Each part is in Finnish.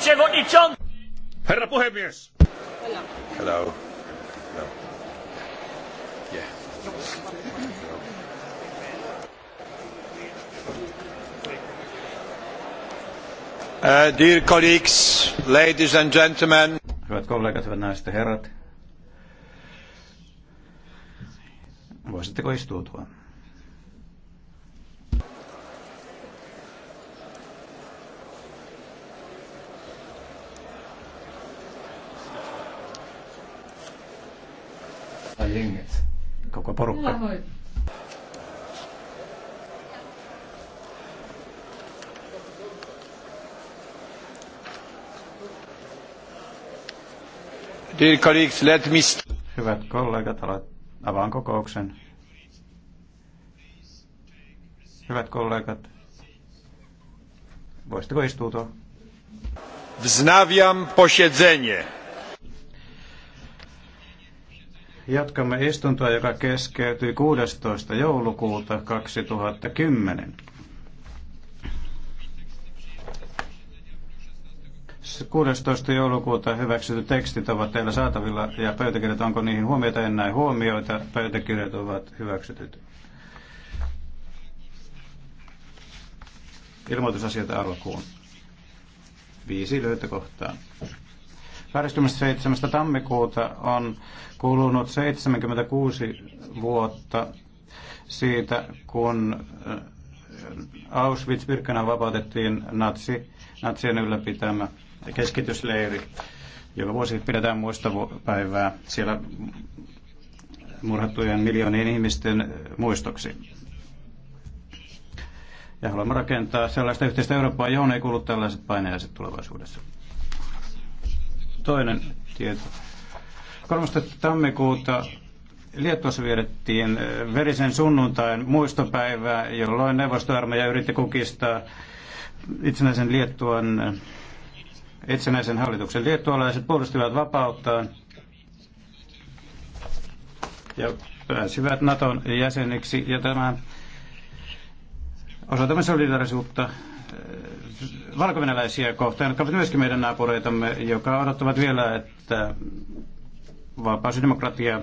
przewodniczący! Herra puhemies! Hello. Hello. Hello. Yeah. Uh, dear colleagues, ladies and gentlemen. Hyvät kollegat, hyvät naiset ja herrat. Voisitteko istuutua? jengit, koko porukka. Dear colleagues, let me... Hyvät kollegat, avaan kokouksen. Hyvät kollegat, voisitteko istua? Wznawiam posiedzenie. Jatkamme istuntoa, joka keskeytyi 16. joulukuuta 2010. 16. joulukuuta hyväksytyt tekstit ovat teillä saatavilla ja pöytäkirjat, onko niihin huomiota, en näe huomioita. Pöytäkirjat ovat hyväksytyt. Ilmoitusasioita alkuun. Viisi löytökohtaa. kohtaa. 27. tammikuuta on kulunut 76 vuotta siitä, kun äh, Auschwitz-Birkenau vapautettiin natsi, natsien ylläpitämä keskitysleiri, joka vuosi pidetään muistopäivää siellä murhattujen miljoonien ihmisten muistoksi. Ja haluamme rakentaa sellaista yhteistä Eurooppaa, johon ei kuulu tällaiset painajaiset tulevaisuudessa. Toinen tieto. 13. tammikuuta Liettuassa vietettiin äh, verisen sunnuntain muistopäivää, jolloin neuvostoarmeija yritti kukistaa itsenäisen Liettuan äh, itsenäisen hallituksen. Liettualaiset puolustivat vapauttaan ja pääsivät Naton jäseniksi ja tämä osoitamme solidarisuutta Äh, valkovenäläisiä kohtaan, jotka ovat myöskin meidän naapureitamme, joka odottavat vielä, että vapaus ja demokratia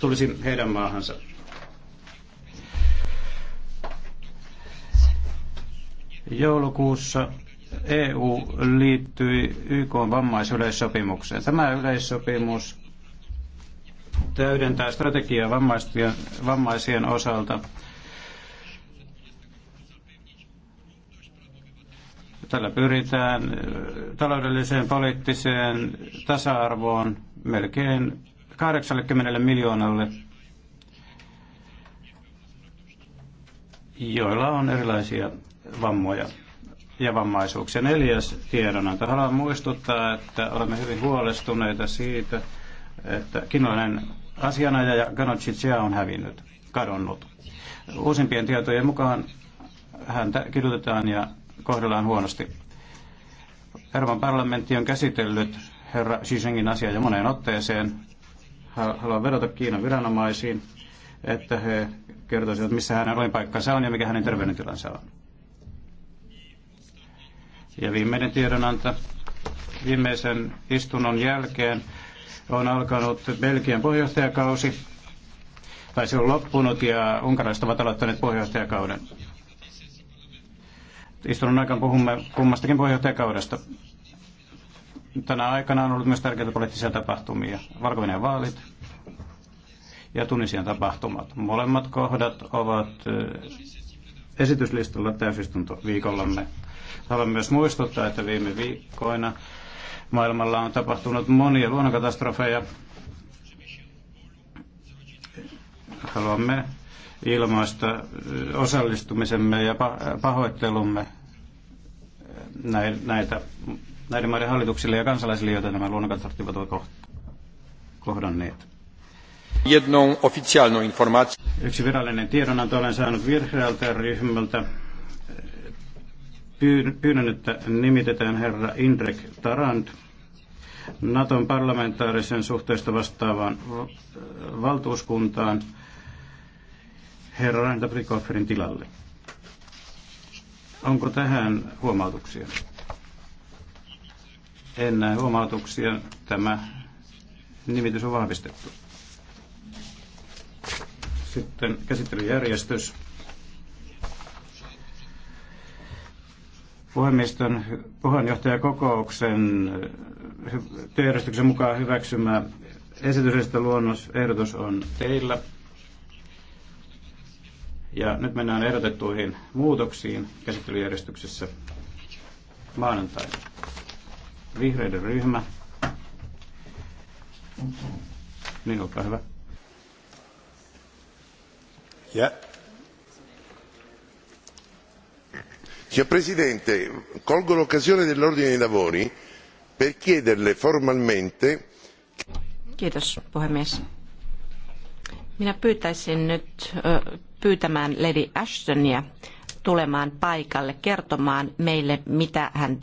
tulisi heidän maahansa. Joulukuussa EU liittyi YK vammaisyleissopimukseen. Tämä yleissopimus täydentää strategiaa vammaisten, vammaisien osalta Tällä pyritään äh, taloudelliseen, poliittiseen tasa-arvoon melkein 80 miljoonalle, joilla on erilaisia vammoja ja vammaisuuksia. Neljäs tiedonanto. Haluan muistuttaa, että olemme hyvin huolestuneita siitä, että kinoinen asianajaja Ganocicea on hävinnyt, kadonnut. Uusimpien tietojen mukaan häntä kidutetaan ja kohdellaan huonosti. Euroopan parlamentti on käsitellyt herra Xi asiaa jo moneen otteeseen. Haluan vedota Kiinan viranomaisiin, että he kertoisivat, missä hänen olinpaikkansa on ja mikä hänen terveydentilansa on. Ja viimeinen tiedonanto viimeisen istunnon jälkeen on alkanut Belgian puheenjohtajakausi, tai se on loppunut ja unkaralaiset ovat aloittaneet puheenjohtajakauden. Istunnon aikaan puhumme kummastakin puheenjohtajakaudesta. Tänä aikana on ollut myös tärkeitä poliittisia tapahtumia. valko vaalit ja Tunisian tapahtumat. Molemmat kohdat ovat esityslistalla viikollamme. Haluan myös muistuttaa, että viime viikkoina maailmalla on tapahtunut monia luonnonkatastrofeja. Haluamme ilmaista osallistumisemme ja pahoittelumme näitä, näiden maiden hallituksille ja kansalaisille, joita nämä luonnonkatastrofit ovat kohdanneet. Yksi virallinen tiedonanto olen saanut virheältä ryhmältä. Pyynnön, että nimitetään herra Indrek Tarand, Naton parlamentaarisen suhteesta vastaavaan valtuuskuntaan herra Randa Brikofferin tilalle. Onko tähän huomautuksia? En näe huomautuksia. Tämä nimitys on vahvistettu. Sitten käsittelyjärjestys. Puhemiestön puheenjohtajakokouksen työjärjestyksen mukaan hyväksymä luonnos, ehdotus on teillä. Ja nyt mennään ehdotettuihin muutoksiin käsittelyjärjestyksessä maanantai Vihreiden ryhmä. Niin, olkaa hyvä. Ja. Signor Presidente, colgo l'occasione dell'ordine dei lavori per chiederle formalmente. Kiitos, puhemies. Minä pyytäisin nyt pyytämään Lady Ashtonia tulemaan paikalle kertomaan meille, mitä hän